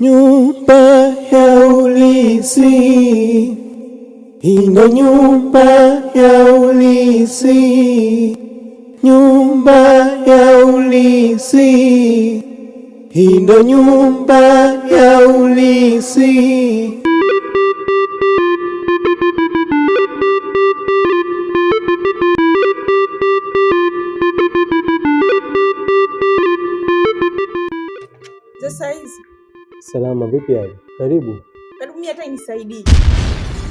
Nyumba ya ulisi ino, nyumba ya ulisi, nyumba ya ulisi ino, nyumba ya ulisi salama. Vipi hali? Karibu. Karibu yaani Mimi hata inisaidii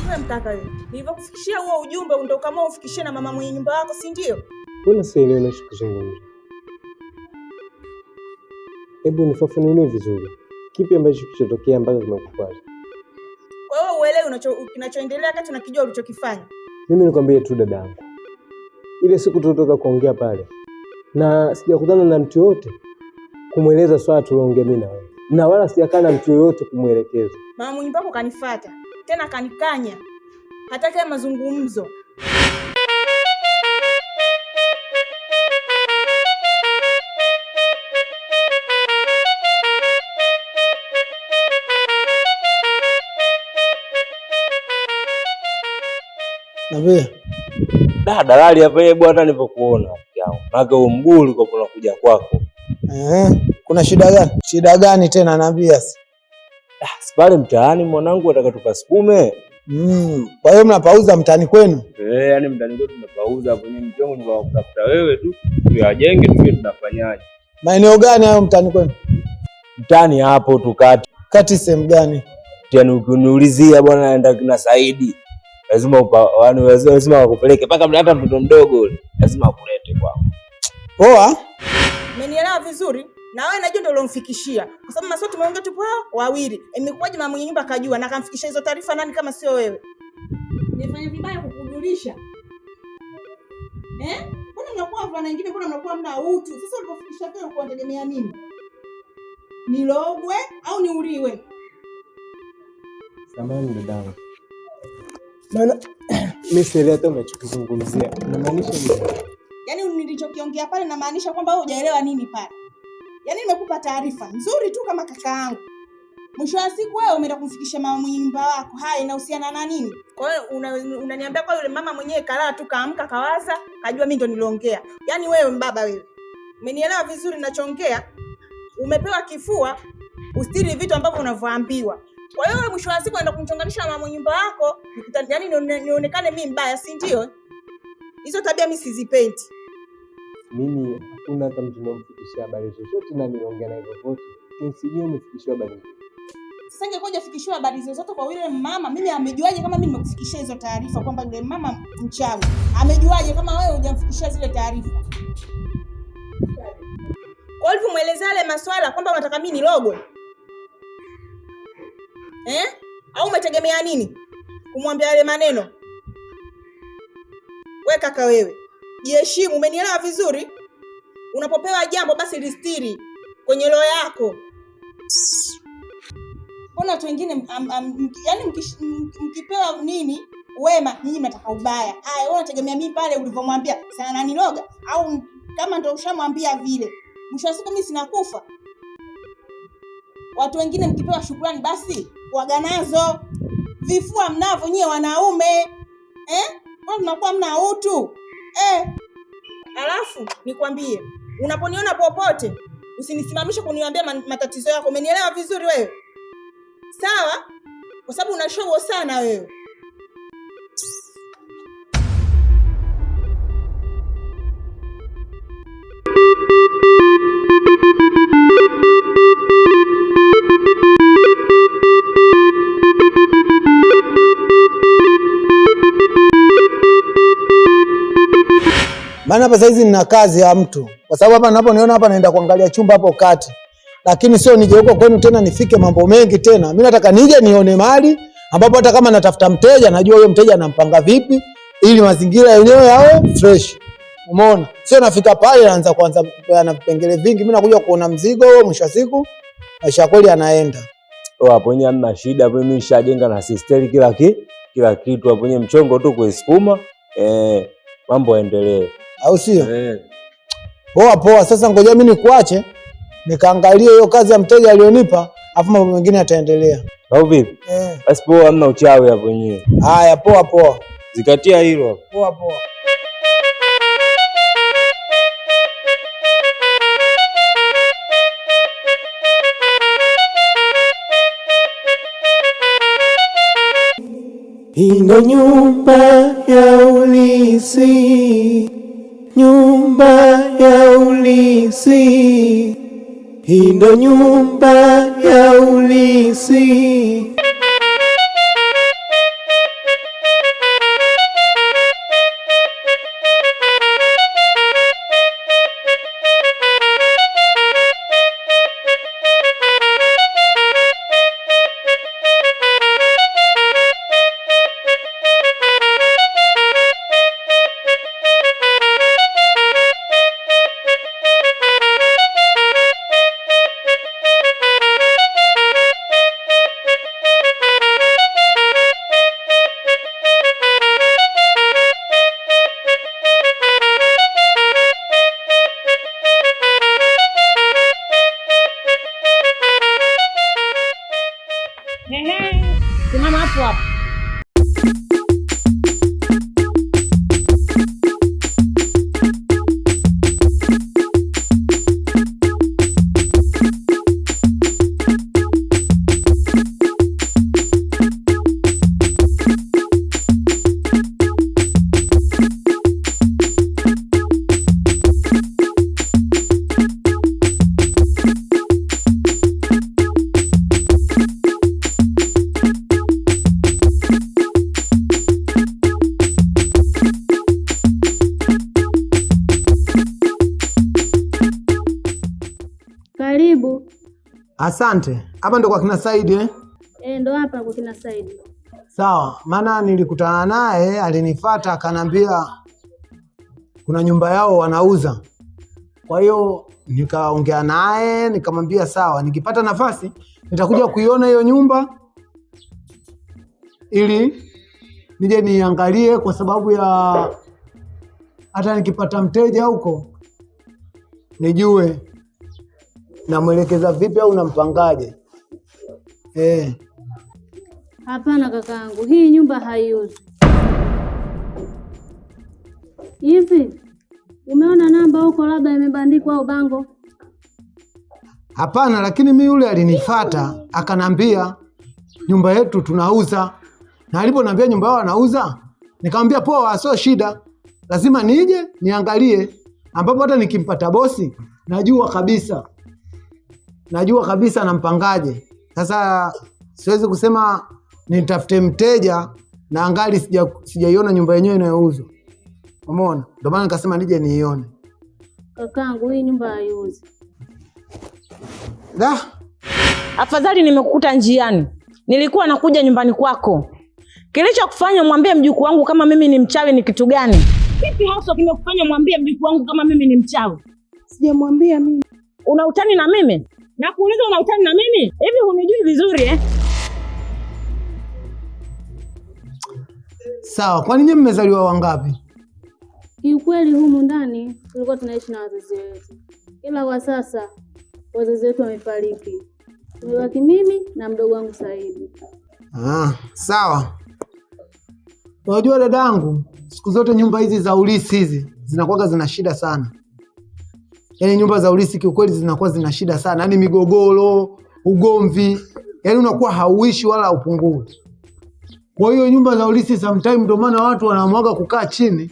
wewe mtaka wewe. Nilivyokufikishia huo ujumbe ndio kama ufikishie na mama mwenye nyumba yako, si ndio? Mbona sielewi unachokizungumza? Hebu nifafanulie vizuri. Kipi ambacho kilichotokea mpaka kimekupata? Wewe uelewi kinachoendelea kati na kijua ulichokifanya? Mimi nikwambie tu dadangu, ile siku tulitoka kuongea pale na sijakutana na mtu yote kumweleza swala tuliongea mimi na wewe na wala sijakaa na mtu yoyote kumwelekeza. Mama mwenye pako kanifata tena kanikanya, hataki mazungumzo. Nabe da dalali hapa yeye bwana, nilipokuona mke wangu, mguu ulikuwa unakuja kwako eh kuna shida gani? Shida gani tena naambia sasa. Pale ah, mtaani mwanangu nataka tukasukume. Mm, kwa hiyo mnapauza mtaani kwenu? Eh, yani mtaani kwetu tunapauza hapo ni mjongo ni kutafuta wewe tu. Tuyajenge tujue tunafanyaje. Maeneo gani hayo mtaani kwenu? Mtaani hapo tu kati. Kati sehemu gani? Yaani ukiniulizia bwana naenda na Saidi. Lazima upa, yani lazima wakupeleke paka hata mtoto mdogo lazima akulete kwao. Poa? Umenielewa vizuri? na wewe najua ndio uliomfikishia, kwa sababu masote tumeongea tupo wawili. Imekuwaje mama mwenye nyumba akajua na akamfikishia hizo taarifa? Nani kama sio wewe? Nifanye vibaya kukujulisha eh? Mbona mnakuwa wavulana wengine, mbona mnakuwa mna utu? Sasa ulipofikisha kwa ulikuwa unategemea nini? Nilogwe au niuliwe? Samani dadangu, maana mimi sielewi hata unachokizungumzia. Unamaanisha nini? Yaani nilichokiongea pale namaanisha kwamba wewe hujaelewa nini pale nimekupa taarifa nzuri tu kama kaka yangu. Mwisho wa siku wewe umeenda kumfikisha mama mwenye nyumba wako. Haya, inahusiana na nini? Kwa hiyo unaniambia una kwa yule mama mwenyewe kalala tu, kaamka, kawaza, kajua mimi ndo niliongea. Yaani wewe mbaba wewe, umenielewa vizuri ninachoongea? Umepewa kifua ustiri vitu ambavyo unavyoambiwa. Kwa hiyo wewe mwisho wa siku unaenda kumchonganisha mama mwenye nyumba wako, yaani nionekane mimi mbaya, si ndio? Hizo tabia mimi sizipendi mimi hakuna hata mtu namfikishia habari zozote, na nimeongea naye vyovyote, sijui umefikishiwa habari. Sasa ingekuwa hujafikishiwa habari zozote kwa yule mama, mimi amejuaje kama mimi nimekufikishia hizo taarifa kwamba yule mama mchawi? Amejuaje kama wewe hujamfikishia zile taarifa? Kwa hivyo mwelezea yale maswala kwamba unataka mimi nilogwe eh? Au umetegemea nini kumwambia yale maneno? We kaka wewe jiheshimu. Umenielewa vizuri? Unapopewa jambo basi listiri kwenye roho yako. Mbona watu wengine yani mkipewa nini wema, nyinyi mnataka ubaya. Haya, wewe unategemea mimi pale ulivyomwambia sana loga au kama ndo ushamwambia vile, mwisho wa siku mimi sinakufa. Watu wengine mkipewa shukrani basi nazo vifua mnavyo nyie wanaume eh? Mbona mna utu? eh. Alafu nikwambie, unaponiona popote usinisimamishe kuniambia matatizo yako. Umenielewa vizuri wewe? Sawa, kwa sababu una show sana wewe. Maana hapa saizi nina kazi ya mtu, kwa sababu hapa ninaponiona hapa naenda kuangalia chumba hapo kati, lakini sio nije huko kwenu tena nifike mambo mengi tena. Mimi nataka nije nione mali ambapo hata kama natafuta mteja najua huyo mteja anampanga vipi, ili mazingira yenyewe yawe fresh. Umeona, sio nafika pale naanza kwanza na vipengele vingi. Mimi nakuja kuona mzigo huo, mwisho wa siku maisha kweli anaenda Oh, hapo. nyenye hamna shida hapo, mimi nishajenga na sisteli kila kitu kila kitu hapo, nyenye mchongo tu kuisukuma, eh, mambo yaendelee au sio? Eh. Poa poa, sasa ngoja mimi nikuache nikaangalie hiyo kazi ya mteja alionipa, afu mambo mengine yataendelea. Au vipi? Eh. Basi poa, hamna uchawi hapo nyewe. Haya, poa poa. Zikatia hilo. Poa poa. Ino nyumba ya ulisi nyumba ya ulisi, hii ndo nyumba ya ulisi Asante. Hapa ndo kwa kina Said eh? Eh, ndo hapa kwa kina Said. Sawa, maana nilikutana naye alinifuata akanambia kuna nyumba yao wanauza, kwa hiyo nikaongea naye nikamwambia sawa, nikipata nafasi nitakuja kuiona hiyo nyumba ili nije niangalie, kwa sababu ya hata nikipata mteja huko nijue namwelekeza vipi au nampangaje? Eh, hapana kakaangu, hii nyumba haiuzi. Hivi umeona namba huko, labda imebandikwa au bango? Hapana, lakini mi yule alinifata akanambia nyumba yetu tunauza, na aliponambia nyumba yao anauza, nikamwambia poa, sio shida, lazima nije niangalie, ambapo hata nikimpata bosi najua kabisa najua kabisa nampangaje. Sasa siwezi kusema nitafute mteja na angali sijaiona sija nyumba yenyewe inayouzwa, umeona? Ndio maana nikasema nije niione. Kakangu, hii nyumba haiuzi. Da, afadhali nimekukuta njiani, nilikuwa nakuja nyumbani kwako. Kilichokufanya mwambie mjukuu wangu kama mimi ni mchawi ni kitu gani? Kipi hasa kimekufanya mwambie mjukuu wangu kama mimi ni mchawi? Sijamwambia mimi. Una utani na mimi? kuuliza una utani na mimi hivi? Hunijui vizuri eh? Sawa, kwani nyinyi mmezaliwa wangapi? Kiukweli humu ndani tulikuwa tunaishi na wazazi wetu, ila kwa sasa wazazi wetu wamefariki, tumebaki mimi na mdogo wangu Saidi. Ah, sawa. Unajua dadangu, siku zote nyumba hizi za ulisi hizi zinakuwaga zina shida sana yani nyumba za urithi kiukweli zinakuwa zina shida sana, yani migogoro, ugomvi, yani unakuwa hauishi wala upungui. Kwa hiyo nyumba za urithi sometimes, ndio maana watu wanaamwaga kukaa chini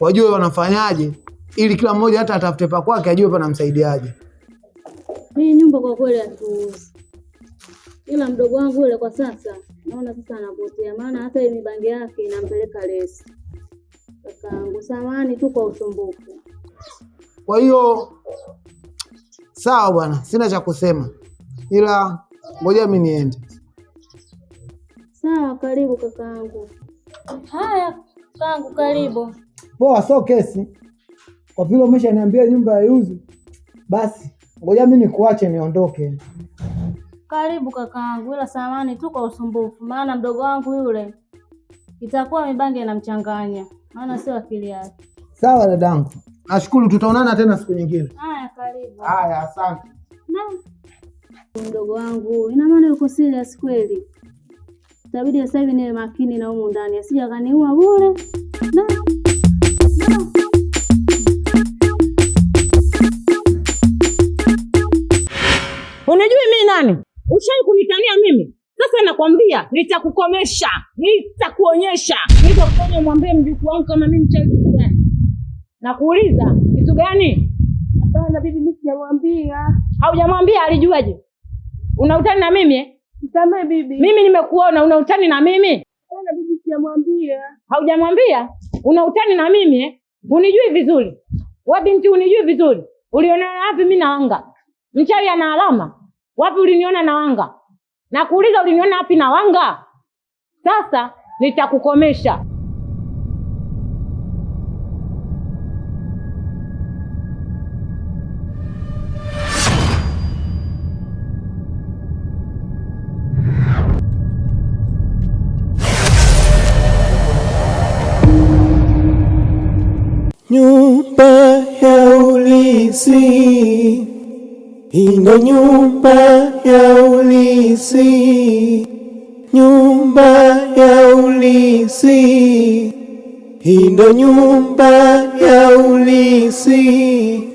wajue wanafanyaje, ili kila mmoja hata atafute pa kwake ajue panamsaidiaje. Hii nyumba kwa kweli hatuuzi, ila mdogo wangu yule kwa sasa naona sasa anapotea, maana hata mibangi yake inampeleka lesi. Kakaangu, samani tu kwa usumbufu. Kwa hiyo sawa bwana, sina cha kusema, ila ngoja mimi niende. Sawa, karibu kakaangu. Haya kakaangu, karibu. Poa, so kesi kwa vile umeshaniambia nyumba ya yuzu, basi ngoja mimi nikuache niondoke. Karibu kakaangu, ila samani tu kwa usumbufu, maana mdogo wangu yule itakuwa mibange inamchanganya, maana sio akili yake. Sawa dadangu. Nashukuru, tutaonana tena siku nyingine. Haya, karibu. Haya, asante. Mdogo wangu, ina maana yuko serious kweli. Itabidi sasa hivi niwe makini na humu ndani, asija kaniua bure. Unajua mimi nani? Ushai kunitania mimi? Sasa nakwambia nitakukomesha, nitakuonyesha, nitakufanya mwambie mjukuu wangu kama mimi mchawi gani. Nakuuliza kitu gani? Hapana bibi, mimi sijamwambia. Haujamwambia? Alijuaje? Unautani na mimi? Eh? Msamee bibi, mimi nimekuona unautani na mimi. Hapana bibi, sijamwambia. Haujamwambia? Unautani na mimi? Eh? Unijui vizuri wewe, binti, unijui vizuri. Uliona wapi mimi na wanga? Mchawi ana alama wapi? Uliniona na wanga? Nakuuliza, uliniona wapi na wanga? Sasa nitakukomesha. Nyumba ya ulisi ino, nyumba ya ulisi, nyumba ya ulisi ino, nyumba ya ulisi